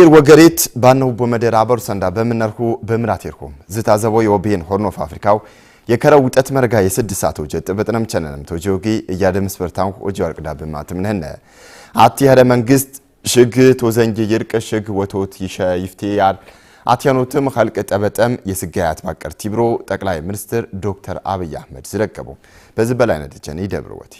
ዲር ወገሬት ባነው ቦመደር አበሩ ሰንዳ በምነርኩ በምራት ይርኩም ዝታዘቦ የኦቤን ሆርን አፍሪካው የከረው ውጠት መርጋ የስድስት ሰዓት ወጀት በጥነም ቸነንም ተጆጊ እያደምስ በርታን ወጀ ወርቅዳ በማትም ነነ አቲ ሀደ መንግስት ሽግ ተዘንጂ ይርቅ ሽግ ወቶት ይሸይፍቲ ያል አትያኖትም ኸልቅ ጠበጠም የስጋያት ባቀር ቲብሮ ጠቅላይ ሚኒስትር ዶክተር አብይ አህመድ ዝረከቡ በዚህ በላይ ነደጀን ይደብረወቲ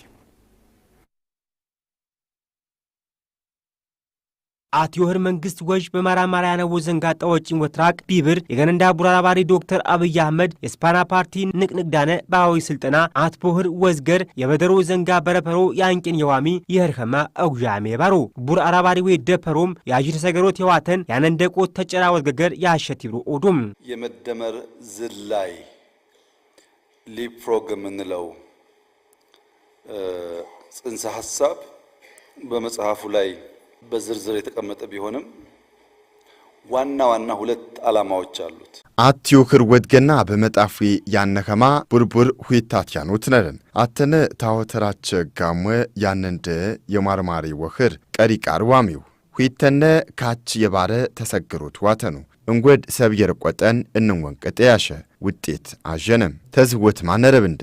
አትዮህር መንግስት ወዥ በማራማሪያ ነው ዘንጋጣ ወጪን ወትራቅ ቢብር የገነንዳ ቡራራባሪ ዶክተር አብይ አህመድ የስፓና ፓርቲ ንቅንቅ ዳነ በአዊ ስልጠና አትቦህር ወዝገር የበደሮ ዘንጋ በረፐሮ ያንቅን የዋሚ የህርከማ አጉዣሜ ባሩ ቡራራባሪ ወይ ደፐሮም ያጂ ተሰገሮት የዋተን ያነንደቆ ተጨራ ወዝገገር ያሸት ይብሩ ኦዱም የመደመር ዝላይ ሊፕሮግ የምንለው ጽንሰ ሀሳብ በመጽሐፉ ላይ በዝርዝር የተቀመጠ ቢሆንም ዋና ዋና ሁለት ዓላማዎች አሉት። አትዩክር ወድገና በመጣፍ ያነከማ ቡርቡር ሁይታትያኑት ነርን አተነ ታወተራቸ ጋሞ ያነንደ የማርማሪ ወኽር ቃር ዋሚው ሁይተነ ካች የባረ ተሰግሮት ዋተኑ እንጐድ ሰብ የርቆጠን እንወንቅጥ ያሸ ውጤት አዠነም ተዝወት ማነረብ እንደ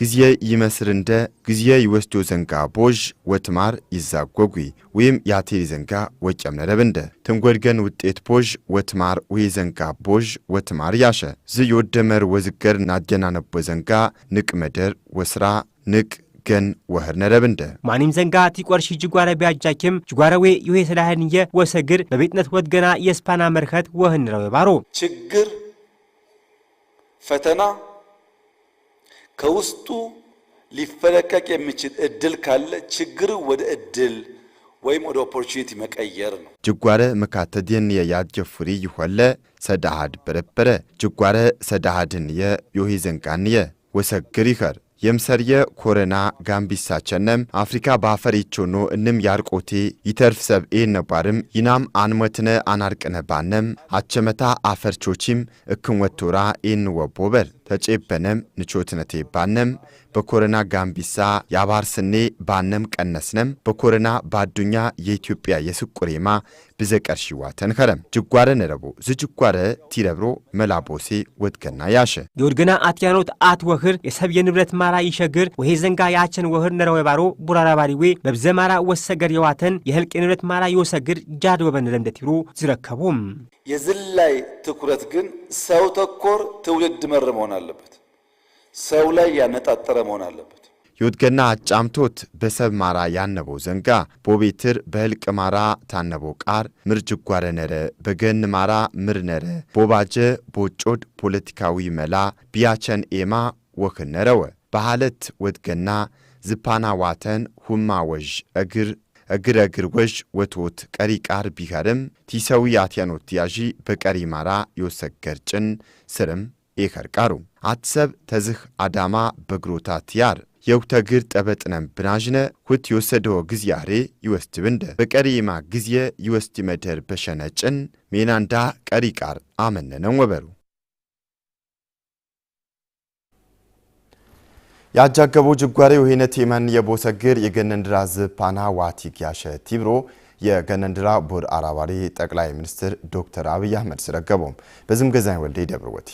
ጊዜ ይመስር እንደ ጊዜ ይወስዶ ዘንጋ ቦዥ ወትማር ይዛጎጉ ወይም ያቴሪ ዘንጋ ነረብ እንደ ትንጎድገን ውጤት ቦዥ ወትማር ወይ ዘንጋ ቦዥ ወትማር ያሸ ዝ የወደመር ወዝገር ናጀና ናጀናነቦ ዘንጋ ንቅ መደር ወስራ ንቅ ገን ወህር ነረብ እንደ ማኒም ዘንጋ ቲቆርሺ ጅጓረ ቢያጃኪም ጅጓረዌ ይሄ ስላህንየ ወሰግር በቤትነት ወድገና የስፓና መርከት ወህን ረበባሮ ችግር ፈተና ከውስጡ ሊፈለቀቅ የሚችል እድል ካለ ችግር ወደ እድል ወይም ወደ ኦፖርቹኒቲ መቀየር ነው። ጅጓረ መካተድን የያጀፉሪ ይሆለ ሰዳሃድ በረበረ ጅጓረ ሰዳሃድን የዮሂዘንቃንየ ወሰግር ይኸር የምሰርየ ኮረና ጋምቢሳ ቸነም አፍሪካ ባፈሬቾኖ እንም ያርቆቴ ይተርፍ ሰብኤ ነባርም ይናም አንመትነ አናርቅነ ባነም አቸመታ አፈርቾቺም እክን ወቶራ ኤን ወቦበር ተጬበነም ንቾትነቴ ባነም በኮረና ጋምቢሳ የአባር ስኔ ባነም ቀነስነም በኮረና ባዱኛ የኢትዮጵያ የስቁሬማ ብዘቀርሺ ዋተን ተንከረም ጅጓረ ነረቦ ዝጅጓረ ቲረብሮ መላቦሴ ወድገና ያሸ የወድገና አትያኖት አት ወህር የሰብ የንብረት ማራ ይሸግር ወሄ ዘንጋ ያቸን ወህር ነረወ ባሮ ቡራራ ባሪዌ በብዘ ማራ ወሰገር የዋተን የህልቅ የንብረት ማራ ይወሰግር ጃድ ወበን እንደቲሩ ዝረከቡም የዝላይ ትኩረት ግን ሰው ተኮር ትውልድ መር መሆን አለበት። ሰው ላይ ያነጣጠረ መሆን አለበት። ዮትገና ጫምቶት በሰብ ማራ ያነበው ዘንጋ ቦቤትር በህልቅ ማራ ታነበው ቃር ምርጅጓረ ነረ በገን ማራ ምር ነረ ቦባጀ ቦጮድ ፖለቲካዊ መላ ቢያቸን ኤማ ወክን ነረወ ባህለት ወድገና ዝፓና ዋተን ሁማ ወዥ እግር እግር እግር ወዥ ወትወት ቀሪ ቃር ቢኸርም ቲሰዊ አትያኖት ያዢ በቀሪ ማራ የወሰገር ጭን ስርም ኤኸር አትሰብ ተዝህ አዳማ በግሮታት ያር የውተ ግር ጠበጥነም ብናዥነ ሁት የወሰደዎ ጊዜያሬ ብንደ በቀሪማ ጊዜ ይወስድ መደር በሸነጭን ሜናንዳ ቀሪ ቃር አመነነን ወበሩ ያጃገቦ ጅጓሬ ውሄነት የመን የቦሰግር የገነንድራ ዝፓና ዋቲ ያሸ ቲብሮ የገነንድራ ቦድ አራባሪ ጠቅላይ ሚኒስትር ዶክተር አብይ አህመድ ስረገቦም በዝም ገዛኝ ወልደ ይደብርወቲ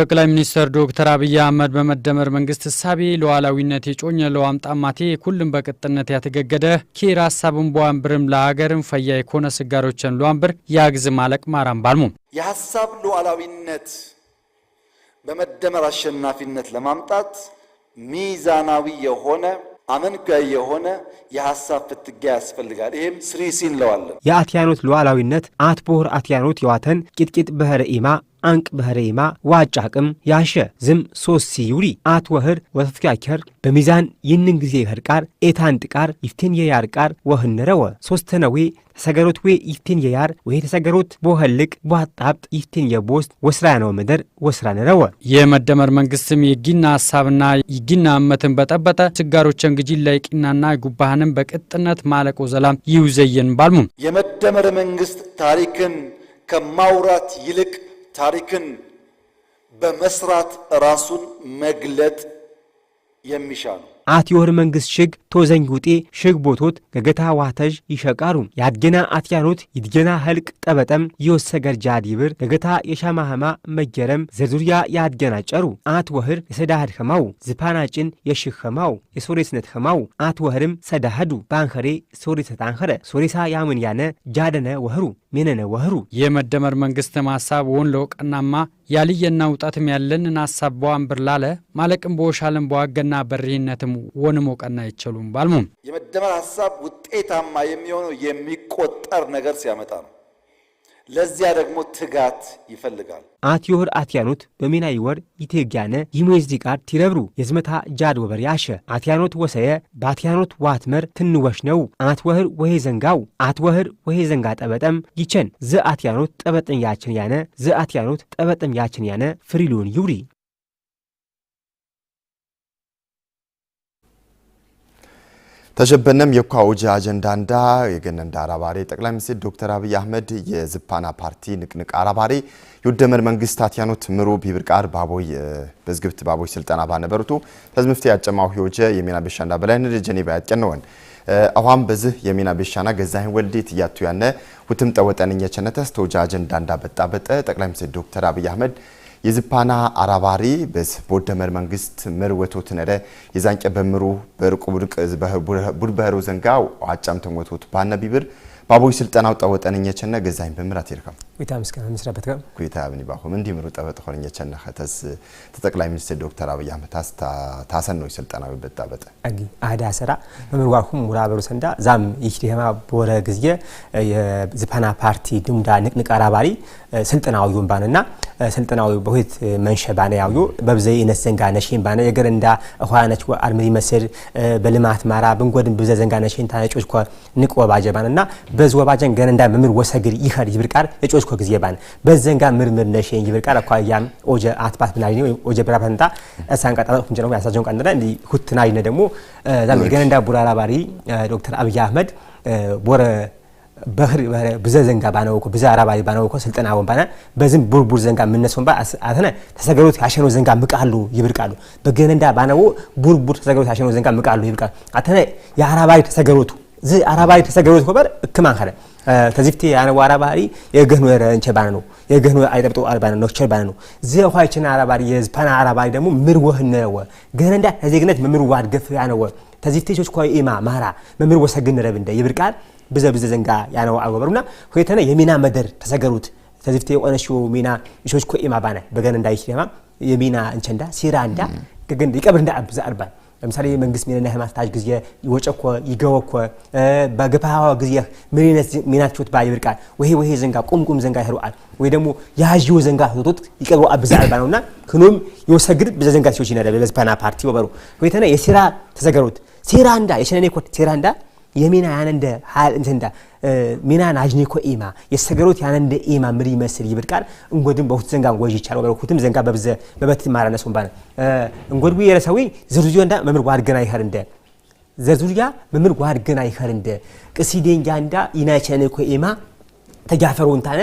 ጠቅላይ ሚኒስትር ዶክተር አብይ አህመድ በመደመር መንግስት እሳቤ ሉዓላዊነት የጮኘ ለዋም ጣማቴ ሁሉም በቅጥነት ያተገገደ ኬር ሀሳብን በዋንብርም ለሀገርም ፈያ የኮነ ስጋሮችን ለዋንብር ያግዝ ማለቅ ማራም ባልሙ የሀሳብ ሉዓላዊነት በመደመር አሸናፊነት ለማምጣት ሚዛናዊ የሆነ አመንጋይ የሆነ የሀሳብ ፍትጋ ያስፈልጋል። ይህም ስሪሲ እንለዋለን። የአትያኖት ሉዓላዊነት አትቦር አትያኖት የዋተን ቂጥቂጥ በህረ ኢማ አንቅ በህሬማ ዋጭ አቅም ያሸ ዝም ሶስት ሲዩሪ አትወህር ወተትኪያኪር በሚዛን ይንን ጊዜ ይህር ኤታን ጥቃር ይፍቴን የያር ቃር ወህንረወ ሶስተነዌ ተሰገሮት ዌ ይፍቴን የያር ወይ ተሰገሮት ቦኸልቅ ቦጣብጥ ይፍቴን የቦስት ወስራ ነው ምድር ወስራ ነረወ የመደመር መንግስትም የጊና ሀሳብና የጊና እመትን በጠበጠ ችጋሮችን ግጂ ለቂናና ጉባህንም በቅጥነት ማለቆ ዘላም ይውዘየን ባልሙ የመደመር መንግስት ታሪክን ከማውራት ይልቅ ታሪክን በመስራት ራሱን መግለጥ የሚሻ ነው። አትዮር መንግስት ሽግ ተወዘንጉጤ ሽግቦቶት ገገታ ዋተዥ ይሸቃሩ ያድገና አትያኖት ይድገና ህልቅ ጠበጠም የወሰገር ጃዲብር ገገታ የሻማህማ መጀረም ዘዙሪያ ያድገና ጨሩ አት ወህር የሰዳህድ ኸማው ዝፓናጭን የሽህ ኸማው የሶሬስነት ኸማው አት ወህርም ሰዳህዱ ባንኸሬ ሶሬሰት አንኸረ ሶሬሳ ያምን ያነ ጃደነ ወህሩ ሜነነ ወህሩ የመደመር መንግስት ማሳብ ወን ለውቀናማ ያልየና ውጣትም ያለንን ሀሳብ በዋንብር ላለ ማለቅም በወሻልም በዋገና በሪህነትም ወንም ወቀና አይቸሉም አይኖሩም ባልሙ የመደመር ሀሳብ ውጤታማ የሚሆነው የሚቆጠር ነገር ሲያመጣ ነው። ለዚያ ደግሞ ትጋት ይፈልጋል። አትዮህር አትያኖት በሜናይ ወር ይቴጊያነ ይሞዝዲ ቃር ቲረብሩ የዝመታ ጃድ ወበር ያሸ አትያኖት ወሰየ በአትያኖት ዋትመር ትንወሽ ነው አትወህር ወሄ ዘንጋው አትወህር ወሄ ዘንጋ ጠበጠም ይቸን ዘአትያኖት ጠበጠም ያችን ያነ ዘአትያኖት ጠበጠም ያችን ያነ ፍሪሉን ይውሪ ተሸበነም የኳ ውጅ አጀንዳንዳ የገነንዳ አራባሪ ጠቅላይ ሚኒስትር ዶክተር አብይ አህመድ የዝፓና ፓርቲ ንቅንቅ አራባሪ የወደመር መንግስት ያኖት ምሩ ቢብርቃር ባቦይ በዝግብት ባቦይ ስልጠና ባነበሩቱ ህዝብ ምፍት ያጨማው ህወጀ የሚና ቤሻንዳ በላይ ንድ ጀኔባ ያቀነወን አሁን በዚህ የሚና ቤሻና ገዛህን ወልዴት እያቱ ያነ ሁትም ጠወጠንኛ ቸነተስ ተውጃ አጀንዳ አጀንዳንዳ በጣበጠ ጠቅላይ ሚኒስትር ዶክተር አብይ አህመድ የዝፓና አራባሪ በስ ቦደመር መንግስት ምር ወቶት ነረ የዛንቀ በምሩ በርቁ ብርቅ ቡድ ዘንጋው ዘንጋ አጫም ተንወቶት ባነ ባቦይ ስልጠናው ጣወጠነኛቸና ገዛኝ በምራት ይርከም ጎይታ ምስጋና ምስረበት ከም ጎይታ እንዲ ምሩ ጠበጥ ኮነኛ ከተስ ተጠቅላይ ሚኒስትር ዶክተር አብይ አሕመድ ታሰን ነው በበጣ በጣ አጊ አዳ ሰራ መምርዋርኩም ውራበሩ ሰንዳ ዛም ይህዲህማ ቦረ ጊዜ የዝፓና ፓርቲ ድምዳ ንቅንቅ አራባሪ ስልጠናዊ ባነና ስልጠናዊ በሁት መንሸ ባነ ያዩ በብዘይ እነት ዘንጋ ነሽን ባነ የገር እንዳ እኳያነች አልምሪ መስል በልማት ማራ ብንጎድን ብዘ ዘንጋ ነሽን ታነጮች ንቅ ወባጀ ባነና በዝ ወባጀን ገን እንዳ መምር ወሰግር ይኸር ይብርቃር እጮች በዝኮ ጊዜ ባን በዘንጋ ምርምር ነሽ ይብል ቃል አኳያም ኦጀ አትባት ብናይ ነው ኦጀ ብራ ፈንታ እሳን ቀጣ ሁን ጀነው ያሳጀን ቀንደና እንዲ ሁትናይ ነው ደግሞ ዛም የገነንዳ ቡራራ ባሪ ዶክተር አብይ አህመድ ወረ በህር ብዘ ዘንጋ ባነው እኮ ብዘ አራባሪ ባነው እኮ ስልጠና ባና በዝም ቡርቡር ዘንጋ ምነሱን ባ አተነ ተሰገሩት ያሸኖ ዘንጋ ምቃሉ ይብርቃሉ በገነንዳ ባነው ቡርቡር ተሰገሩት ያሸኖ ዘንጋ ምቃሉ ይብርቃሉ አተነ የአራባሪ ተሰገሩት እዚ ኣራባሪ ተሰገሮ ዝኮበር እክማ ከለ ተዚፍቲ ኣነቦ ኣራባሪ የገህኑ ረንቸ ባነኑ የገህኑ ኣይጠብጦ ኣርባነ ኖቸር ባነኑ እዚ ኳይችን ኣራባሪ የዝፓና ኣራባሪ ደግሞ ምርወህ ነረወ ገነንዳ ተዜግነት መምርዋድ ገፍ ያነወ ተዚፍቲ ሾች ኳይ ኢማ ማራ መምር ወሰግን ረብ እንደ ይብል ቃል ብዘ ብዘ ዘንጋ ያነወ ኣገበሩና ኮይተነ የሚና መደር ተሰገሩት ተዚፍቲ የቆነሽ ሚና ሾች ኮ ኢማ ባነ በገነንዳ ይሽማ የሚና እንቸንዳ ሲራ እንዳ ግን ይቀብር እንዳ ብዛ ኣርባን ለምሳሌ መንግስት ሚነና ህማታች ጊዜ ይወጨኮ ይገወኮ በግፋዋ ጊዜ ምንነት ሚናችሁት ባይ ብርቃል ወይ ወይ ዘንጋ ቁምቁም ዘንጋ ይሩአል ወይ ደግሞ ያጂው ዘንጋ ህቶት ይቀርቡ አብዛ አልባ ነውና ክኖም ይወሰግድ በዛ ዘንጋ ሲዎች ይነዳ በዝፓና ፓርቲ ወበሩ ወይተና የሲራ ተዘገሩት ሲራ እንዳ የሸነኔ ኮት ሲራ እንዳ የሚና ያነንደ ሃል እንትንዳ ሚና ናጅኒኮ ኢማ የሰገሮት ያነንደ ኢማ ምሪ መስል ይብል ቃል እንጎድም በሁት ዘንጋ እንጎጅ ይቻል ወበ ሁትም ዘንጋ በብዘ በበት ማራነ ሶምባነ እንጎድቡ የረሰዊ ዝርዝዮ እንዳ መምር ጓድ ገና ይኸር እንደ ዘዙሪያ መምር ጓድ ገና ይኸር እንደ ቅሲዴንጃ እንዳ ይናቸንኮ ኢማ ተጃፈሩንታነ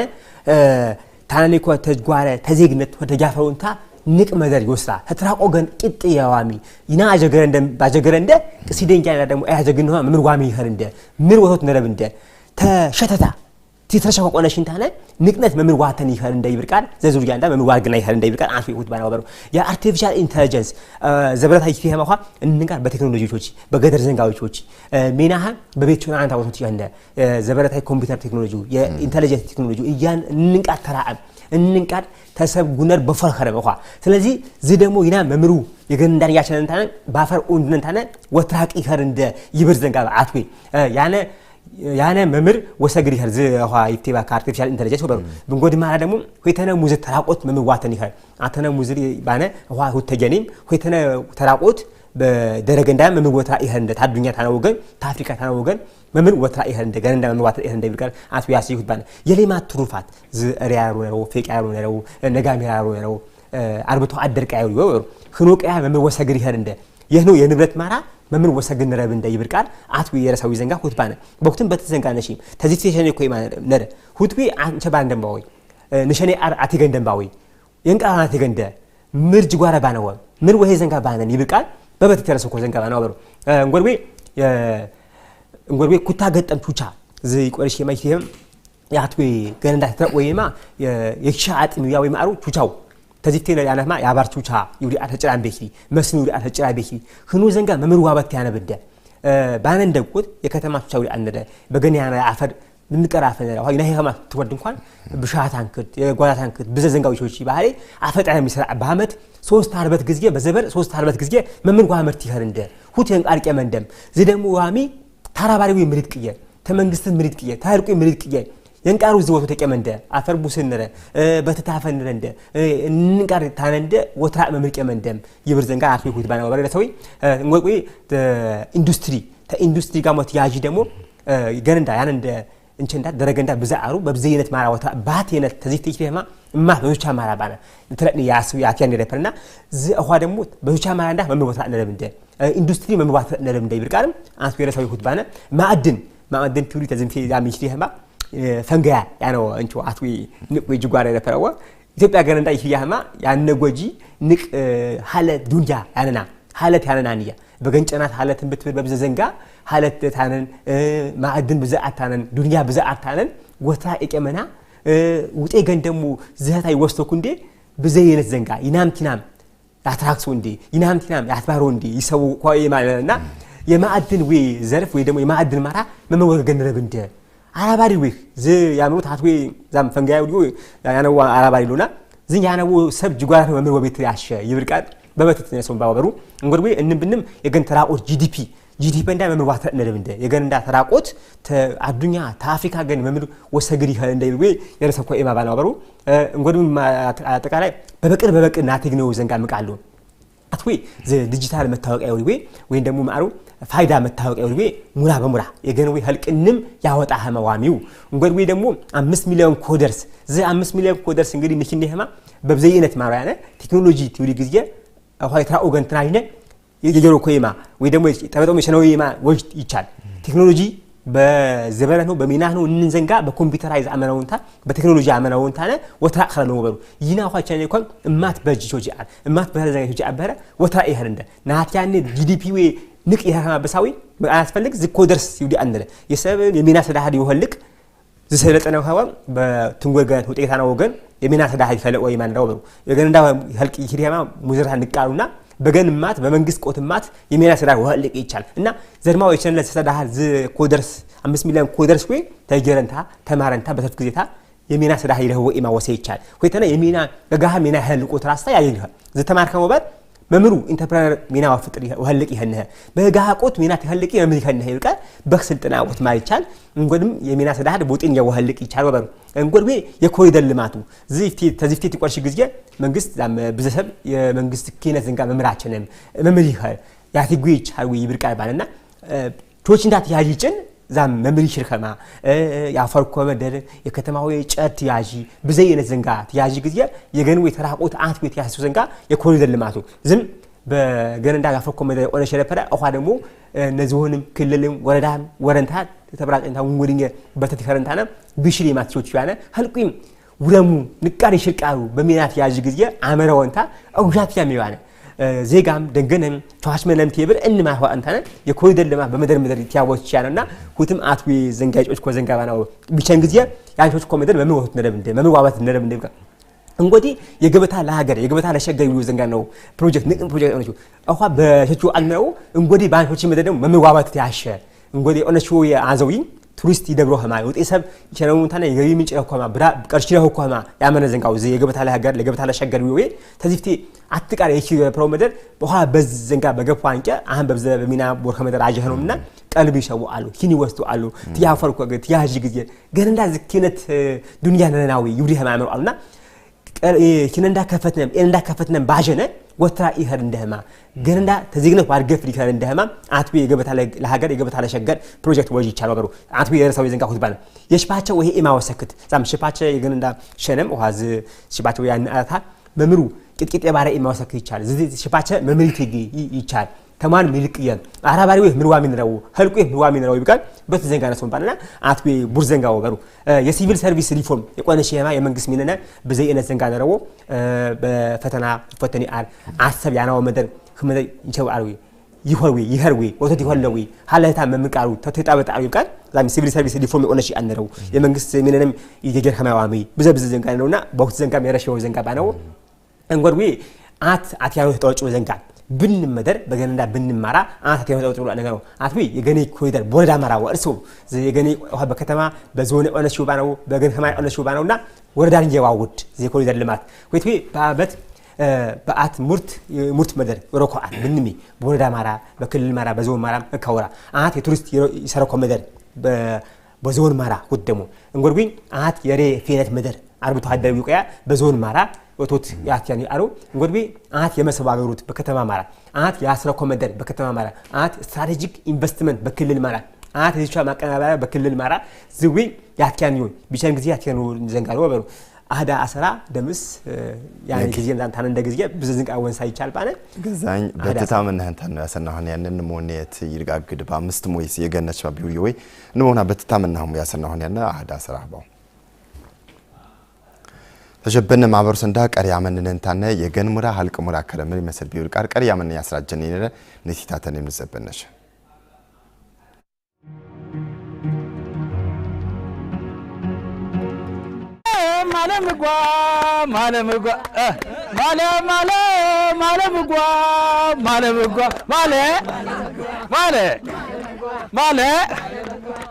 ታናኔኮ ተጓረ ተዜግነት ተጃፈሩንታ ንቅ መደር ይወስራ ተትራቆ ገን ቅጥ የዋሚ ይና አጀገረ እንደ ባጀገረ እንደ ቅሲደን ያና ደግሞ አያጀግን ነው ምር ዋሚ ይኸር እንደ ምር ወቶት ነረብ እንደ ተሸተታ ቲትረሻ ቆነሽ እንታለ ንቅነት መምር ዋተን ይኸር እንደ ይብርቃል ዘዙር ያንዳ መምር ዋግና ይኸር እንደ ይብርቃል አልፊ ይሁት ባናወሩ ያ አርቲፊሻል ኢንተለጀንስ ዘብረታ ይፍቲ ሀማኻ እንንቃር በቴክኖሎጂዎች በገደር ዘንጋዎች ሜናሀ በቤት ሆነ አንታ ወቶት እንደ ዘብረታ ኮምፒውተር ቴክኖሎጂ የኢንተለጀንስ ቴክኖሎጂ እያን እንንቃር ተራአብ እንንቃድ ተሰብ ጉነር በፈርኸረ በኳ ስለዚህ ዝ ደግሞ ይና መምሩ የገንዳን ያቸነ ባፈር ኦንድነ ወትራቅ ይኸር እንደ ይብር ዘንጋ አትዌ ያነ ያነ መምር ወሰግድ ይኸር ዝኋ ይፍቴባ ከአርቲፊሻል ኢንተለጀንስ በሩ ብንጎድ ማራ ደግሞ ሆይተነ ሙዝ ተራቆት መምር ዋተን ይኸር አተነ ሙዝ ባነ ኋ ሁተጀኔም ሆይተነ ተራቆት በደረገንዳ መምን ወትራ ይሄን እንደ ታዱኛ ታናወገን ታፍሪካ ታናወገን መምን ወትራ ይሄን እንደ ገንዳ መምን ወትራ ይሄን እንደ ቢልቃል አስቢያስ ይሁት ባለ የሌማት ትሩፋት ዝሪያሩ ነው ፈቂያሩ ነው ነጋሚራሩ ነው አርብቶ አደር ቀያሩ ነው ህኖ ቀያ መምን ወሰግር ይሄን እንደ ይህ የንብረት ማራ መምን ወሰግን ረብ እንደ ይብር ቃል አትዊ የረሳዊ ዘንጋ ሁት ባነ በሁትም በተዘንጋ ነሺ ተዚህ ተሸኔ ኮይ ማለት ነረ ሁትዊ አንቸ ባን ደምባዊ ንሸኔ አር አትገን ደምባዊ የንቃራ አትገንደ ምርጅ ጓራ ባነወ ምን ወሄ ዘንጋ ባነን ይብር ቃል በበት ተረሰ ኮ ዘንቀባ ነው በሩ እንጎርቤ እንጎርቤ ኩታ ገጠም ቹቻ እዚ ቆርሽ የማይትህም ያትዌ ገነዳ ተጠቆ ወይማ የክሻ አጥም ያው ይማሩ ቹቻው ተዚቴ ነው ያናማ ያባር ቹቻ ይውዲ አተጨራን ቤኪ መስኑ ይውዲ አተጨራን ቤኪ ህኑ ዘንጋ መምሩ ዋበት ያነበደ ባነን ደቁት የከተማ ቹቻው ያነደ በገን ያና አፈር ምንቀራ ፈዘራ ሆይ ናይ ህማ ትወድ እንኳን ብሻት አንክድ የጓላት አንክድ ብዘ ዘንጋው ቾቺ ባህሪ አፈጣን የሚሰራ በአመት ሶስት አርበት ጊዜ በዘበር ሶስት አርበት ጊዜ መምን ጓ ምርት ይኸር እንደ ሁት የንቃርቀ መንደም ዝደሙ ዋሚ ታራባሪው ምሪት ቅየ ተመንግስት ምሪት ቅየ ታርቁ ምሪት ቅየ የንቃሩ ዝወቱ ተቀመንደ አፈር ቡስንረ በተታፈንረ እንደ እንንቃር ታነንደ ወትራ መምርቀ መንደም ይብር ዘንጋ አፍ ይሁት ባና ወበረ ሰው ኢንዱስትሪ ተኢንዱስትሪ ጋር ሞት ያጂ ደግሞ ገንዳ ያን እንደ እንቸንዳ ደረገንዳ ብዛዕሩ በብዘይነት ማራወታ ወታ ባትየነት ተዚህ ጥይት ቤማ እማ በብቻ ማራ ባና ትረቅን ያስብ ያቲያ እንደረፈና ዝ አኳ ደግሞ በብቻ ማራ እንዳ መምቦታ እንደረብ እንደ ኢንዱስትሪ መምቦታ እንደረብ እንደ ይብርቃልም አንስ ብሔረሰብ ይሁት ባነ ማዕድን ማዕድን ፒውሪ ተዝምቴ ያምሽ ይሄማ ፈንገያ ያነው እንቹ አትዊ ንቁ ጅጓር የረፈረወ ኢትዮጵያ ገረንዳ ይህያማ ያነ ጎጂ ንቅ ሀለ ዱንጃ ያነና ሀለት ያነና ንያ በገንጨናት ሃለትን ብትብል በብዘ ዘንጋ ሃለት ታነን ማዕድን ብዛኣታነን ዱንያ ብዛኣታነን ወታ እቄመና ውጤ ገን ደሞ ዝህታይ ወስቶኩ እንዴ የለት ዘንጋ ይናምቲናም ያትራክሶ እንዴ ይናምቲናም ያትባሮ እንዴ ይሰው ማለና የማዕድን ወይ ዘርፍ ወይ ደሞ የማዕድን ማራ መመወገገንረብ እንደ አራባሪ ወይ ዝ ያምሩ ታት ወይ ዛም ፈንጋዩ ያነዋ አራባሪ ሉና ዝን ያነዎ ሰብ ጅጓራት መምር ወቤት ያሸ ይብርቃል በመተት ነው ሰው ባወሩ እንግዲህ ወይ እንም ብንም የገን ተራቆት ጂዲፒ ጂዲፒ እንዳ መምባት ነደብ እንደ የገን እንዳ ተራቆት አዱኛ ታአፍሪካ ገን መምዱ ወሰግሪ ሀል እንደ ወይ የረሰኮ ኢማባ ነው ባወሩ እንግዲህ አጠቃላይ በበቅር በበቅር ናቲግ ነው ዘንጋ ምቃሉ አትዌ ዲጂታል መታወቂያ ወይ ወይ ደግሞ ማሩ ፋይዳ መታወቂያ ወይ ሙራ በሙራ የገን ወይ ህልቅንም ያወጣ ህመዋሚው እንግዲህ ወይ ደግሞ 5 ሚሊዮን ኮደርስ ዘ 5 ሚሊዮን ኮደርስ እንግዲህ ንኪኔ ህማ በብዘይነት ማራያነ ቴክኖሎጂ ትውሊ ጊዜ ኋይትራ ኦገን ትናሽነ የጀሮ ኮይማ ወይ ደሞ ደግሞ ተበጠሞ የሰነዊማ ወጅት ይቻል ቴክኖሎጂ በዘበነት ነው በሚናህ ነው እንንዘንጋ በኮምፒውተራይዝ አመናውንታ በቴክኖሎጂ አመናውንታ ነ ወትራ ክረ ነው ወበሩ ይና ኳቻ ነ ኳን እማት በጅ ቾጂ አል እማት በህረ ዘጋ ቾጂ አበረ ወትራ ይሄን እንደ ናት ያኔ ጂዲፒ ወይ ንቅ ይሄ ማበሳዊ አያስፈልግ ዝኮ ደርስ ይውዲ አንደለ የሰብ የሚና ሰዳሃድ ይወልቅ ዝሰለጠነ ኸዋም በትንጎገን ውጤታና ወገን የሚና ተዳህ ይፈለቅ ወይ ማንዳው ነው የገንዳ ህልቅ ይሪያማ ሙዝራ ንቃሉና በገን ማት በመንግስት ቆት ማት የሚና ስራ ወልቅ ይቻል እና ዘድማው የቸን ለተዳህ ዝ ኮደርስ 5 ሚሊዮን ኮደርስ ወይ ተጀረንታ ተማረንታ በሰፍ ጊዜታ የሚና ስራ ይለው ወይ ማወሰ ይቻል ሁይተና የሚና ገጋህ ሚና ህልቁ ተራስታ ያይልህ ዝተማርከው በት መምሩ ኢንተርፕረነር ሚና ወፍጥር ወህልቅ ይሄንህ በጋቆት ሚና ተህልቂ መምር ይሄንህ ይልቀ በክስልጥና ወት ማይቻል እንጎድም የሚና ሰዳድ ቦጤን የወህልቅ ይቻል ወበሩ እንጎድ ወይ የኮሪደር ልማቱ ዚፍቲ ተዚፍቲ ትቆርሽ ጊዜ መንግስት ዛም ብዘሰብ የመንግስት ኪነት ዝንጋ መምራችንም መምር ይሄ ያቲጉ ይቻል ወይ ይብርቃ ይባልና ቾች እንዳት ያይጭን ዛም መምሪ ሽርከማ የአፈር ኮመደር የከተማው የጨት ያዢ ብዘይነት ዘንጋ ያዢ ጊዜ የገኑ ተራቆት አት ቤት ያሱ ዘንጋ የኮሪደር ልማቱ ዝም በገነንዳ ያፈር ኮመደር ኦነ ሸረፈረ አኋ ደግሞ ነዚሆንም ክልልም ወረዳም ወረንታ ተብራጭንታ ተብራጨንታ በተት በተተከረንታና ቢሽል የማትቾች ያነ ህልቁም ውረሙ ንቃሪ ሽርቃሩ በሚናት ያዢ ጊዜ ወንታ አውዣት ያሚዋነ ዜጋም ደንገነም ተዋሽ መነም ቴብር እንማ ሆ አንታነ የኮሪደር ልማት በመደር መደር ይታወስ ይቻላልና ሁትም አትዌ ዘንጋጮች ኮ ዘንጋባ ነው ቢቸን ጊዜ ያንቾች ኮ መደር መምወት ነደብ እንደ መምዋባት ነደብ እንደ እንጎዲህ የገበታ ለሀገር የገበታ ለሸገር ይሉ ዘንጋ ነው ፕሮጀክት ንቅም ፕሮጀክት ነው አሁን በሸቹ አንነው እንጎዲህ ባንቾች መደደም ደግሞ መምዋባት ያሸ እንጎዲህ ኦነሽው አዘውይ ቱሪስት ይደብሮ ኸማ ውጤሰብ ይቸረሙንታና የገቢ ምንጭ ኸማ ብራ ቀርሽለ ያመነ ዘንቃው እዚ የገበታ ላይ ሀገር ለገበታ ላይ ሸገር ቢወይ ተዚፍቲ አትቃር የቺ ፕሮ መደር በኋላ በዘንጋ በገፋ አንቀ አሁን በብዘ በሚና ወርከ መደር አጀህ ነውና ቀልብ ይሸው አሉ ኪኒ ወስቱ አሉ ትያፈርኩ ትያጂ ጊዜ ገንዳ ዝክነት ዱንያ ነናዊ ይብሪ ኸማ ያመሩ አሉና ኪነ እንዳከፈትነ እንዳከፈትነ ባጀነ ወትራ ይኸር እንደህማ ገንዳ ተዚግነ ዋድገፍ ይኸር እንደህማ አትቢ የገበታ ለሀገር የገበታ ለሸገር ፕሮጀክት ወጅ ይቻል ወገሩ አትቢ የረሰው የዘንጋ ሁትባል የሽባቸው ወይ ኢማ ወሰክት ዛም ሽባቸው የገንዳ ሸነም ወሃዝ ሽባቸው ያን አታ መምሩ ቅጥቅጥ የባረ ኢማ ወሰክት ይቻል ዝዚ ሽባቸው መምሪት ይቻል ተማን ሚልቅ የ አራባሪ ወይ ምርዋ ሚነራው ህልቁ ምርዋ ሚነራው ይብቃል በት ዘንጋ ነው ባልና አትቤ ቡር ዘንጋ ወገሩ የሲቪል ሰርቪስ ሪፎርም የቆነ ሸማ የመንግስት ሚነና በዘይ እነ ዘንጋ ነረው በፈተና ፈተኒ አር አሰብ ያናው መደር ከመደ ይቸው አርዊ ይሆርዊ ይሄርዊ ወተት ይሆለዊ ሀለታ መምቃሩ ተተጣ በጣሪ ይብቃል ዛም ሲቪል ሰርቪስ ሪፎርም የቆነ ሸማ ነረው የመንግስት ሚነንም ይገገር ከማዋሚ በዘብዝ ዘንጋ ነውና በውት ዘንጋ የረሽው ዘንጋ ባናው እንጎርዊ አት አትያው ተጠወጭ ዘንጋ ብንመደር በገነዳ ብንማራ አናታት የመጠውጥ ብሎ ነው አትቢ የገኔ ኮሪደር ቦለዳ ማራ ወርሱ የገኔ ውሃ በከተማ በዞን ኦነ ሹባ ነው በገን ከማይ ኦነ ሹባ ነውና ወረዳን የዋውድ የኮሪደር ልማት ወይት በአበት በአት ሙርት ሙርት መደር አት ምንሚ ቦለዳ ማራ በክልል ማራ በዞን ማራ እካውራ አናት የቱሪስት የሰረኮ መደር በዞን ማራ ውድ ደግሞ እንጎርጉኝ አናት የሬ ፌነት መደር አርብቶ አደር ይቆያ በዞን ማራ እቶት ያትያን አለው እንጎድቤ አት የመስህብ አገሮት በከተማ ማራ አት የአስረኮ መደር በከተማ ማራ አት ስትራቴጂክ ኢንቨስትመንት በክልል ማራ አት ዚቻ ማቀናበሪያ በክልል ማራ ዝዊ ያትያን ይሆን ቢቻን ጊዜ ያትያን ዘንጋሎ በሩ አህዳ አሰራ ደምስ ያን ጊዜ እንታን እንደ ጊዜ ብዝዝንቃ ወንሳ ይቻል ባነ ገዛኝ በትታም እናንተ ነው ያሰናሁን ያንን ሞኔት ይርጋግድ በአምስት ሞይስ የገነች ባቢው ይወይ ንሞና በትታም እናሁም ያሰናሁን ያነ አህዳ አሰራ ባው ተሸበነ ማህበሩ ሰንዳ ቀሪያመን ነንታነ የገን ሙራ ሀልቅ ሙራ ከለምን ይመስል ቢውል ቃር ቀሪያመን ያስራጀን ይነረ ንቲታተን የምንዘበነሽ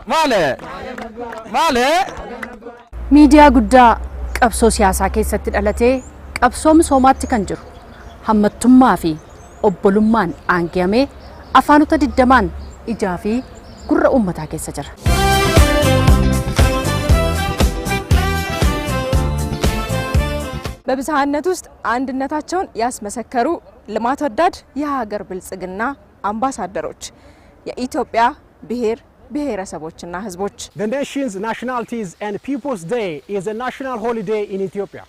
ማለምጓ ማለ ሚዲያ ጉዳ qabsoo siyaasaa keessatti dhalatee qabsoom soomaatti kan jiru hammattummaa fi obbolummaan aangeamee afaanota digdamaan ijaa fi gurra uummataa keessa jira. በብዝሃነት ውስጥ አንድነታቸውን ያስመሰከሩ ልማት ወዳድ የሀገር ብልጽግና አምባሳደሮች የኢትዮጵያ ብሔር ብሔረሰቦችና ህዝቦች። The nations, nationalities and peoples day is a national holiday in Ethiopia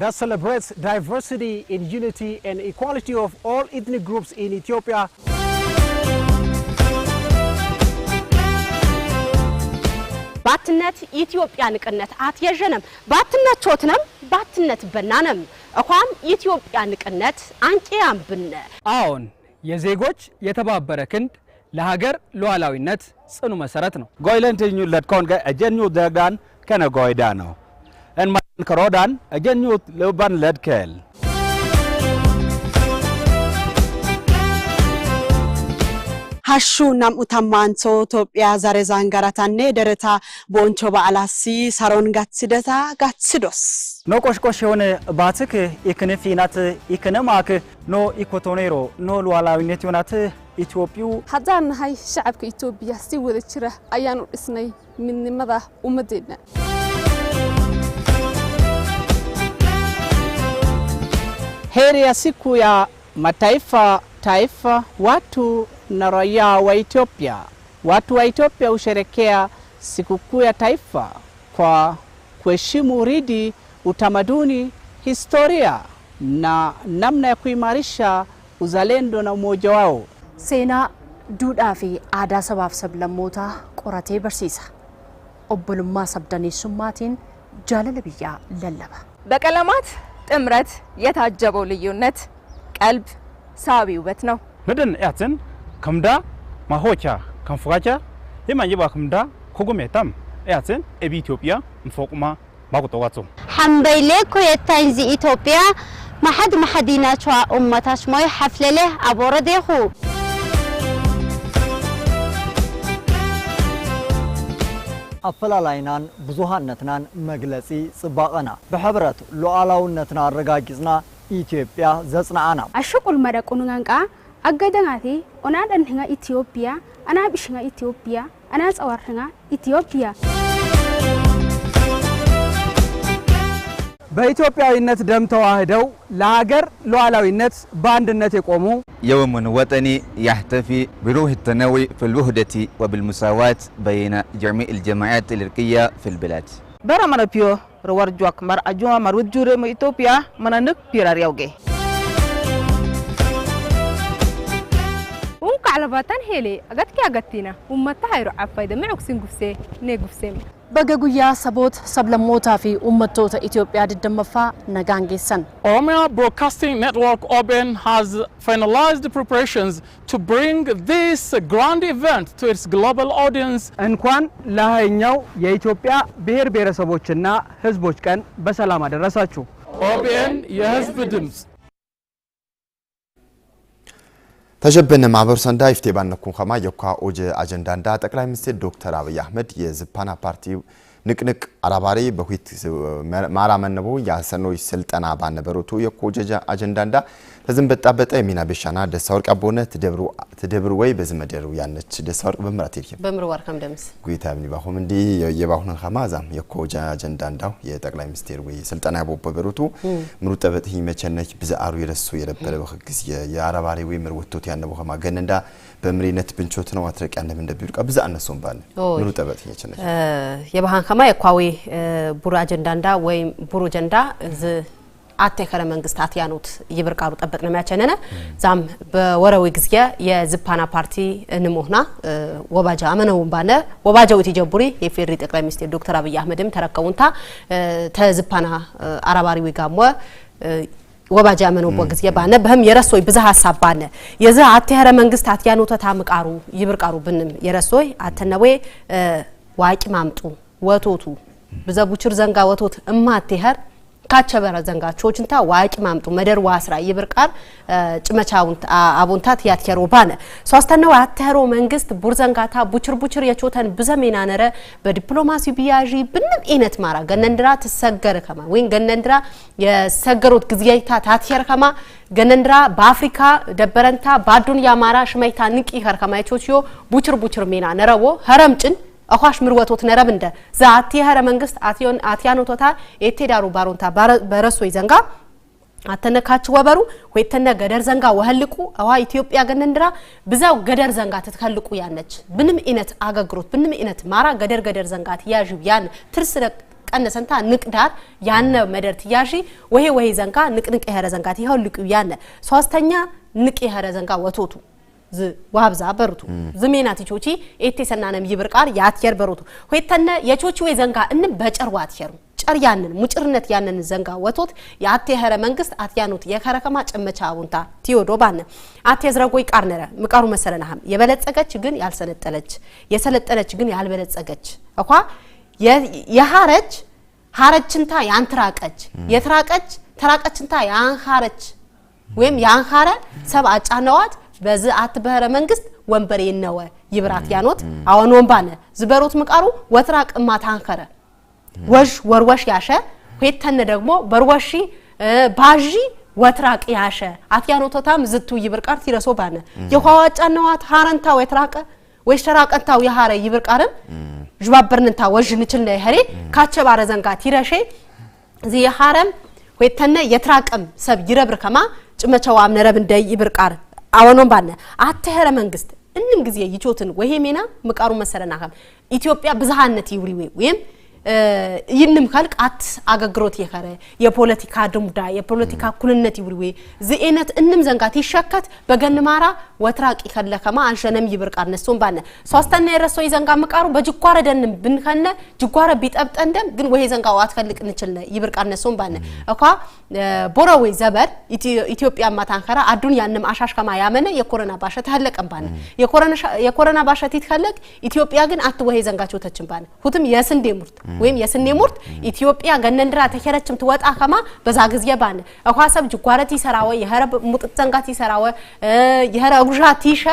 that celebrates diversity in unity and equality of all ethnic groups in Ethiopia. ባትነት ኢትዮጵያ ንቅነት አትየዠነም ባትነት ቾትነም ባትነት በናነም እኳም ኢትዮጵያ ንቅነት አንቄ ያምብነ አዎን የዜጎች የተባበረ ክንድ ለሀገር ሉዓላዊነት ጽኑ መሰረት ነው። እጀኙ ከነ ጎይዳ ነው እንማን ከሮዳን እጀኙ ልባን ለድከል ሀሹ ናምኡታማንቶ ኢትዮጵያ ዛሬ ዛንጋራታኔ ደረታ ቦንቾ በዓላሲ ሳሮን ጋትስደታ ጋትስዶስ ነቆሽቆሽ የሆነ ባትክ ኢክንፍ ናት ኢክነማክ no ኢኮቶኔሮ ኖ ሉዓላዊነት ዮናት ኢትዮጵዩ haddaan nahay shacabka ethiopia si wada jira ayaan dhisnay midnimada ummadeena Heri ya siku ya mataifa taifa, watu na raia wa Ethiopia. Watu wa Ethiopia husherekea sikukuu ya taifa kwa kuheshimu uridi utamaduni, historia na namna ya kuimarisha uzalendo na umoja wao. Seenaa, duudhaa fi aadaa sabaaf sablammootaa qoratee barsiisa. Obbolummaa sabdaneessummaatiin jaalala biyyaa lallaba። በቀለማት ጥምረት የታጀበው ልዩነት ቀልብ ሳቢ ውበት ነው። ንድንያትን ከምዳ ማሆቻ ከንፉጋቻ የማንጀባ ከምዳ ኮጎሜታም ያትን ኤቢ ኢትዮጵያ እንፎቁማ ማቁጠዋቸው ሐምበይሌ ኮየታኝ ዘኢትዮጵያ ማሐድ ማሐዲና ሸዋ ኡመታች ሞይ ሐፍለሌ አቦረዴኹ ኣፈላላይናን ብዙሃነትናን መግለፂ ጽባቐና ብሕብረት ሉኣላውነትና ኣረጋጊጽና ኢትዮጵያ ዘጽንዓና ኣሸቁል መደቁንጋን ከዓ ኣገደናቲ ኦናደንሕnga ኢትዮጵያ ኣናብሽnga ኢትዮጵያ ኣናጸወርሕnga ኢትዮጵያ በኢትዮጵያዊነት ደም ተዋህደው ለሀገር ሉዓላዊነት በአንድነት የቆሙ የውሙን ወጠኒ ያህተፊ ብሩህ ተነዊ ፊልውህደቲ ወብልሙሳዋት በይነ ጀሚዕ ልጀማዓት ልርቅያ ፊልብላድ በረ መነፒዮ ርወርጇክ መርአጁ መርውጁርም ኢትዮጵያ መነንክ ፒራርያውጌ unka calabaataan hele agadkii agadtiina ummata hayro cafayda macugsin gufsee nee gufseem Bakka guyyaa saboota sablammootaa fi uummattoota Itoophiyaa diddammafaa nagaan geessan. Oromia Broadcasting Network OBN has finalized preparations to bring this grand event to its global audience. እንኳን ለሃያኛው የኢትዮጵያ ብሔር ብሔረሰቦችና ሕዝቦች ቀን በሰላም አደረሳችሁ። ኦቢኤን የሕዝብ ድምፅ ተሸበነ ማህበረሰብ እንዳ ይፍቴ ባነኩን ከማ የኳ ኦጀ አጀንዳ እንዳ ጠቅላይ ሚኒስትር ዶክተር አብይ አህመድ የዝፓና ፓርቲ ንቅንቅ አራባሪ በሁት ማራ መነቦ ያሰኖች ስልጠና ባነበሩቱ የኮጀ አጀንዳ እንዳ ተዝንበጣበጠ የሚና ቤሻና ደሳወርቅ አቦነ ትደብር ወይ በዝ መደሩ ያነች ደሳወርቅ በምራት ይልከም በምሩ ዋርካም ደምስ ጉይታ ምን ባሆም እንዲ የባሁን ኸማ የኮጃ አጀንዳ እንዳው የጠቅላይ ሚኒስቴር ወይ ስልጣና ያቦበ በሩቱ ምሩ ጠበት ይመቸነች ብዛሩ የረሱ የረበለ በክግስ የአራባሪ ወይ ምር ወጥቶት ያነበ ኸማ ገነንዳ በምሪነት ብንቾት ነው አትረቅ ያነብ እንደቢሩቃ ብዛ አነሱም ባለ ምሩ ጠበት ይመቸነች የባሃን ኸማ የኳዊ ቡሩ አጀንዳ እንዳ ወይ ቡሩ አጀንዳ ዝ አተ የከረ መንግስታት ያኖት ይብርቃሩ ጠበጥነ ሚያቸነነ ዛም በወረዊ ግዚያ የዝፓና ፓርቲ እንሞህና ወባጃ አመነውን ባነ ወባጃው ኢትጀቡሪ የፌሪ ጠቅላይ ሚኒስትር ዶክተር አብይ አህመድም ተረከቡንታ ተዝፓና አራባሪ ወጋሞ ወባጃ አመነው በግዚያ ባነ በህም የረሶይ ብዛ ሀሳብ ባነ የዛ አተ የከረ መንግስታት ያኖት ታምቃሩ ይብርቃሩ ብንም የረሶይ አተነዌ ዋቂ ማምጡ ወቶቱ ብዛ ቡችር ዘንጋ ወቶት እማ አተኸር ካቸበረ ዘንጋቾችንታ ዋቂ ማምጡ መደር ዋስራ ይብርቃር ጭመቻውን አቦንታት ያትከሮ ባነ ሶስተኛው አተሮ መንግስት ቡርዘንጋታ ቡችር ቡችር የቾተን ብዘሜና ነረ በዲፕሎማሲ ቢያጂ ብንም ኢነት ማራ ገነንድራ ተሰገረ ከማ ወይ ገነንድራ የሰገሩት ግዚያይታ ታትየር ከማ ገነንድራ በአፍሪካ ደበረንታ ባዱን ያማራ ሽመይታ ንቂ ከርከማ ከማ የቾችዮ ቡችር ቡችር ሜና ነረቦ ሀረምጭን አኳሽ ምርወቶት ነረብ እንደ ዛቲ ሀረ መንግስት አትዮን አትያኖቶታ የቴዳሩ ባሮንታ በረሶ ይዘንጋ አተነካች ወበሩ ወይተነ ገደር ዘንጋ ወህልቁ አዋ ኢትዮጵያ ገነንድራ ብዛው ገደር ዘንጋ ትትከልቁ ያነች ብንም ኢነት አገግሮት ብንም ኢነት ማራ ገደር ገደር ዘንጋት ያዥብ ያን ትርስረ ቀነሰንታ ንቅዳር ያነ መደር ትያዢ ወሄ ወሄ ዘንጋ ንቅንቅ ያረ ዘንጋት ይኸው ያነ ሶስተኛ ንቅ ያረ ዘንጋ ወቶቱ ዝ ዋብዛ በሩቱ ዝሜናት ቾቺ ኤቴ ሰናነም ይብር ያትየር በሩቱ ሆይተነ የቾቺ ወይ ዘንጋ እንም በጨርዋ አትየሩ ጨር ያንን ሙጭርነት ያንን ዘንጋ ወቶት የአቴ ኸረ መንግስት አትያኑት የከረከማ ጨመቻ አቡንታ ቲዮዶ ባነ አቴ ዝረጎይ ቃርነረ ምቃሩ መሰለናህም የበለጸገች ግን ያልሰለጠለች የሰለጠለች ግን ያልበለጸገች እኳ የሃረች ሃረችንታ ያንትራቀች የትራቀች ተራቀችንታ ያንሃረች ወይም ያንሃረ ሰብ አጫነዋት በዝአት በህረ መንግስት ወንበሬ ነወ ይብራት ያኖት አወን ወንባነ ዝበሮት ምቃሩ ወትራ ቅማት አንከረ ወዥ ወርወሽ ያሸ ሄተነ ደግሞ በርወሺ ባዢ ወትራቅ ያሸ አትያኖቶታም ዝቱ ይብርቃር ቲረሶ ባነ የኋዋጫ ነዋት ሀረንታው የትራቀ ወይ ሸራቀንታው የሀረ ይብርቃርም ዥባበርንታ ወዥ ንችል ነ ይሄሬ ካቸ ባረ ዘንጋ ቲረሼ እዚ የሀረም ሄተነ የትራቅም ሰብ ይረብር ከማ ጭመቸው አምነረብ እንደ ይብርቃር አወኖም ባነ አተሄረ መንግስት እንም ጊዜ ይቾትን ሜና ምቃሩ መሰለናኸም ኢትዮጵያ ብዝሃነት ይውሪዌ ወይም ይንም ካልቅ አገግሮት የኸረ የፖለቲካ ድሙዳ የፖለቲካ ኩልነት ይውልዌ ዝኤነት እንም ዘንጋት ይሸከት በገን ማራ ወትራቂ ከለከማ አንሸነም ይብርቃር ነሱም ባነ ሶስተኛ የረሶ ይዘንጋ ምቃሩ በጅጓረ ደንም ብንከነ ጅጓረ ቢጠብጠን ደም ግን ወይ ዘንጋ ዋት ከልቅ ይብርቃር ነሱም ባነ እኳ ቦረዌ ዘበር ኢትዮጵያ ማታንከራ አዱን ያንም አሻሽ ከማ ያመነ የኮረና ባሸት ያለቀም ባነ የኮረና ባሸት ይትከለቅ ኢትዮጵያ ግን አት ወይ ዘንጋቸው ተችን ባነ ሁትም የስንዴ ሙርት ወይም የስኔ ሙርት ኢትዮጵያ ገነንድራ ተከረችም ትወጣ ከማ በዛ ጊዜ ባን አኳሰብ ጅጓረት ይሰራወ የኸረ ሙጥት ዘንጋት ይሰራወ የኸረ ጉዣ ቲሸ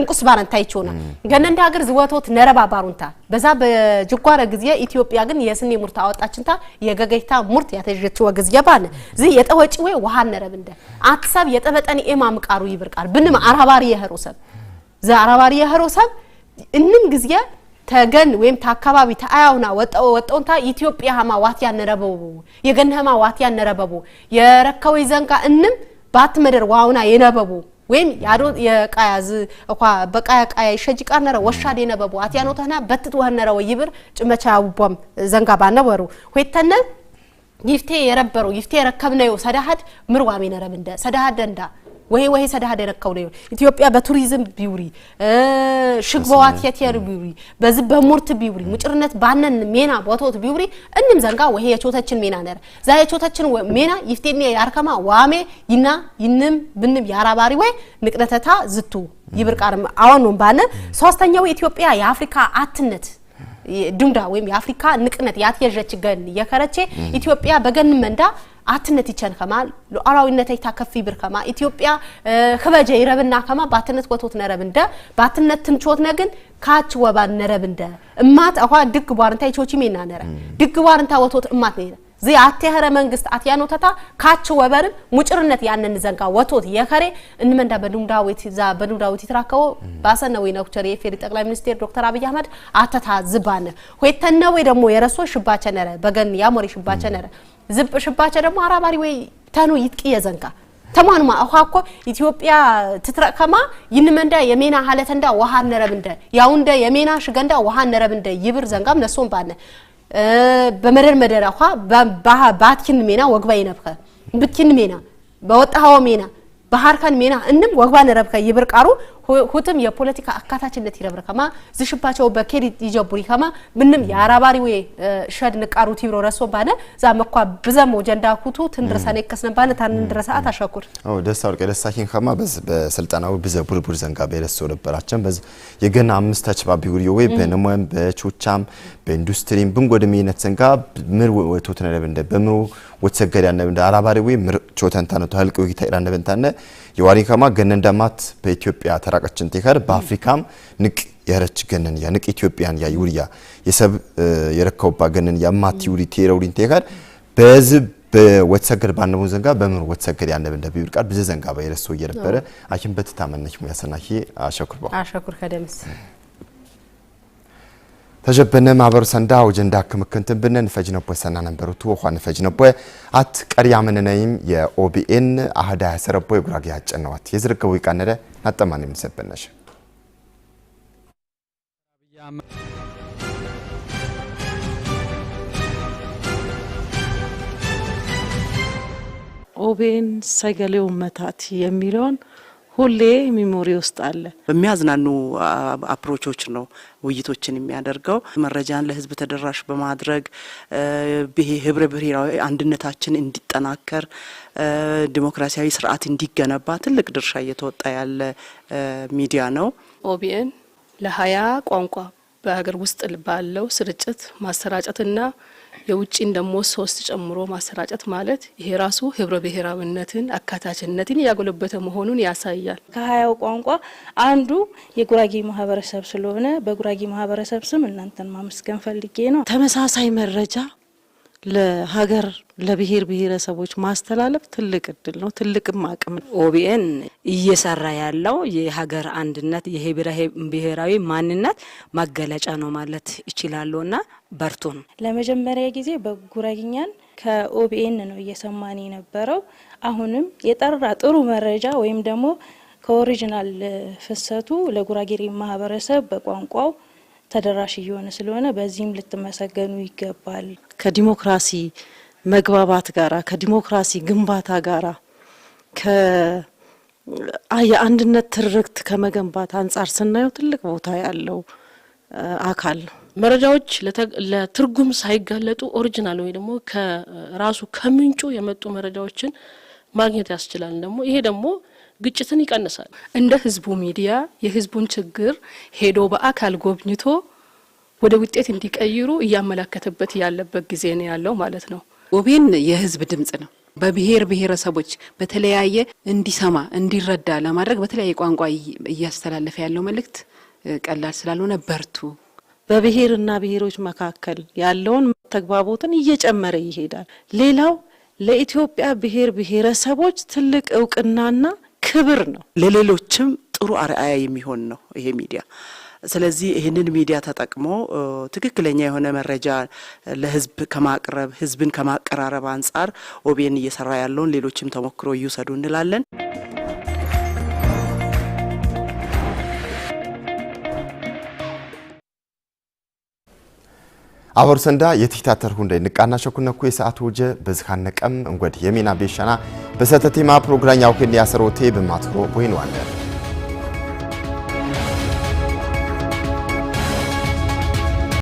እንቁስ ባረን ታይቾና ገነንዳ ሀገር ዝወቶት ነረባ ባሩንታ በዛ በጅጓረ ጊዜ ኢትዮጵያ ግን የስኔ ሙርት አወጣችንታ የገገይታ ሙርት ያተጀችው ጊዜ ባን ዚ የጠወጪ ወይ ወሃ ነረብ እንደ አትሳብ የጠበጠኒ ኢማም ቃሩ ይብርቃል ብንም አራባሪ የኸሮሰብ ዘ አራባሪ የኸሮሰብ እንን ጊዜ ተገን ወይም ታካባቢ ተአያውና ወጠውንታ ኢትዮጵያ ሀማ ዋትያ ነረበቡ የገን ሀማ ዋትያ ነረበቡ የረከው ይዘንጋ እንም ባት መደር ዋውና የነበቡ ወይም ያዶ የቃያዝ እኳ በቃያ ቃያ ሸጂ ቃር ነረ ወሻዴ የነበቡ አትያኖ ተና በትት ወህ ነረ ወይብር ጭመቻ ውቧም ዘንጋ ባነበሩ ሆይተነ ይፍቴ የረበሩ ይፍቴ የረከብነዮ ሰዳሃድ ምርዋሜ ነረብንደ ሰዳሃድ ደንዳ ወይ ወይ ሰዳ ደረከው ነው ኢትዮጵያ በቱሪዝም ቢውሪ ሽግበዋት የቴር ቢውሪ በዚ በሙርት ቢውሪ ሙጭርነት ባነን ሜና ቦታውት ቢውሪ እንም ዘንጋ ወይ የቾተችን ሜና ነር ዛ የቾተችን ሜና ይፍቴኒ ያርከማ ዋሜ ይና ይንም ብንም ያራባሪ ወይ ንቅነተታ ዝቱ ይብርቃርም አሁን ባነ ሶስተኛው ኢትዮጵያ የአፍሪካ አትነት ድምዳ ወይም የአፍሪካ ንቅነት ያትየጀች ገን የከረቼ ኢትዮጵያ በገን መንዳ አትነት ይቸን ከማ ይታ ሉዓላዊነተይ ታከፊብር ከማ ኢትዮጵያ ህበጀ ይረብና ከማ ባትነት ወቶት ነረብ እንደ ባትነት ትንቾት ነግን ካች ወባ ነረብ እንደ እማት አኳ ድግ ቧርንታ ይቾች ሜና ነረ ድግ ቧርንታ ወቶት እማት ነረ ዝኣቴኸረ መንግስት ኣትያኖተታ ካች ወበርን ሙጭርነት ያነን ዘንጋ ወቶት የኸሬ እንመንዳ በዱምዳዊት ይትራከቦ ባሰነ ወይ ነኩቸር የፌሪ ጠቅላይ ሚኒስቴር ዶክተር አብይ አህመድ አተታ ዝባነ ሆተነ ወይ ደግሞ የረሶ ሽባቸ ነረ በገን ያሞሪ ሽባቸ ነረ ዝብ ሽባቸ ደግሞ አራባሪ ወይ ተኑ ይትቅየ ዘንጋ ተማኑማ አኳኮ ኢትዮጵያ ትትረከማ ይንመንዳ የሜና ሀለተንዳ ወሃ ነረብንደ ያውንደ የሜና ሽገንዳ ወሃ ነረብንደ ይብር ዘንጋም ነሶም ባነ በመደር መደራ ኳ ባትኪን ሜና ወግባ ይነብከ ብትኪን ሜና በወጣሃው ሜና ባህርካን ሜና እንም ወግባ ንረብከ ይብርቃሩ ሁትም የፖለቲካ አካታችነት ይረብር ከማ ዝሽባቸው በኬሪት ይጀቡሪ ከማ ምንም የአራባሪ ወይ ሸድ ንቃሩ ቲብሮ ረሶ ባነ ዛ መኳ ብዘሞ ጀንዳ ሁቱ ትንድረሳ ነከስ ነባነ ታንድረሳ አታሸኩር አው ደስ አውርቀ ደሳኪን ከማ በዝ በስልጣናው ብዘ ቡልቡል ዘንጋ በረሶ ነበራችን በዝ የገና አምስት ተችባቢ ጉሪ ወይ በነሞን በቾቻም በኢንዱስትሪም ብንጎድም የነት ዘንጋ ምር ወቶት ነለብ እንደ በምሩ ወተሰገዳ ነብ እንደ አራባሪ ወይ ምር ቾተንታ ነው ተልቀው ይታ ይራነበንታነ የዋሪከማ ገነን ደማት በኢትዮጵያ ተራቀችን ቴከር በአፍሪካም ንቅ የረች ገነን ያ ንቅ ኢትዮጵያን ያ ይውሪያ የሰብ የረከውባ ገነን ያ ማት ይውሪ ቴረውሪን ቴከር በዝብ በወተሰገድ ባነቡን ዘንጋ በምን ወተሰገድ ያነብ እንደ ቢብል ቃል ብዘ ዘንጋ ባይረሶ እየነበረ አኪም በትታመነች ሙያሰናሂ አሸኩር ባ አሸኩር ከደምስ ተጀበነ ማህበሩ ሰንዳ ወጀንዳ ክምክንትን ብነን ፈጅ ነቦ ሰና ቱ ወኳን ፈጅ ነቦ አት ቀሪ ያመነነይም የኦቢኤን አህዳ ያሰረቦ የጉራጌ ያጨነዋት የዝርገቡ ይቃነደ ናጠማን የምንሰበነሽ ኦቢኤን ሰገሌው መታት የሚለውን ሁሌ ሚሞሪ ውስጥ አለ። በሚያዝናኑ አፕሮቾች ነው ውይይቶችን የሚያደርገው። መረጃን ለህዝብ ተደራሽ በማድረግ ህብረ ብሔራዊ አንድነታችን እንዲጠናከር፣ ዲሞክራሲያዊ ስርዓት እንዲገነባ ትልቅ ድርሻ እየተወጣ ያለ ሚዲያ ነው። ኦቢኤን ለሀያ ቋንቋ በሀገር ውስጥ ባለው ስርጭት ማሰራጨትና የውጭን ደግሞ ሶስት ጨምሮ ማሰራጨት ማለት ይሄ ራሱ ህብረ ብሔራዊነትን አካታችነትን እያጎለበተ መሆኑን ያሳያል። ከሀያው ቋንቋ አንዱ የጉራጌ ማህበረሰብ ስለሆነ በጉራጌ ማህበረሰብ ስም እናንተን ማመስገን ፈልጌ ነው። ተመሳሳይ መረጃ ለሀገር ለብሔር ብሔረሰቦች ማስተላለፍ ትልቅ እድል ነው፣ ትልቅም አቅም ነው። ኦቢኤን እየሰራ ያለው የሀገር አንድነት የብሔራዊ ማንነት መገለጫ ነው ማለት ይችላለሁና በርቱ ነው። ለመጀመሪያ ጊዜ በጉራግኛን ከኦቢኤን ነው እየሰማን የነበረው። አሁንም የጠራ ጥሩ መረጃ ወይም ደግሞ ከኦሪጂናል ፍሰቱ ለጉራጌሬ ማህበረሰብ በቋንቋው ተደራሽ እየሆነ ስለሆነ በዚህም ልትመሰገኑ ይገባል። ከዲሞክራሲ መግባባት ጋራ ከዲሞክራሲ ግንባታ ጋራ የአንድነት ትርክት ከመገንባት አንጻር ስናየው ትልቅ ቦታ ያለው አካል ነው። መረጃዎች ለትርጉም ሳይጋለጡ ኦሪጂናል ወይ ደግሞ ከራሱ ከምንጩ የመጡ መረጃዎችን ማግኘት ያስችላል። ደግሞ ይሄ ደግሞ ግጭትን ይቀንሳል። እንደ ህዝቡ ሚዲያ የህዝቡን ችግር ሄዶ በአካል ጎብኝቶ ወደ ውጤት እንዲቀይሩ እያመላከተበት ያለበት ጊዜ ነው ያለው ማለት ነው። ወቤን የህዝብ ድምጽ ነው። በብሔር ብሔረሰቦች በተለያየ እንዲሰማ እንዲረዳ ለማድረግ በተለያየ ቋንቋ እያስተላለፈ ያለው መልእክት ቀላል ስላልሆነ በርቱ። በብሔርና ብሔሮች መካከል ያለውን ተግባቦትን እየጨመረ ይሄዳል። ሌላው ለኢትዮጵያ ብሔር ብሔረሰቦች ትልቅ እውቅናና ክብር ነው። ለሌሎችም ጥሩ አርአያ የሚሆን ነው ይሄ ሚዲያ። ስለዚህ ይህንን ሚዲያ ተጠቅሞ ትክክለኛ የሆነ መረጃ ለህዝብ ከማቅረብ ህዝብን ከማቀራረብ አንጻር ኦቤን እየሰራ ያለውን ሌሎችም ተሞክሮ ይውሰዱ እንላለን። አበሩ ሰንዳ የትሂታተር ሁንደ ንቃና ሸኩነኩ የሰዓት ወጀ በዝካን ነቀም እንጐድ የሚና ቤሻና በሰተቴማ ፕሮግራኛው ክን ያሰሮቴ በማትሮ ወይንዋለ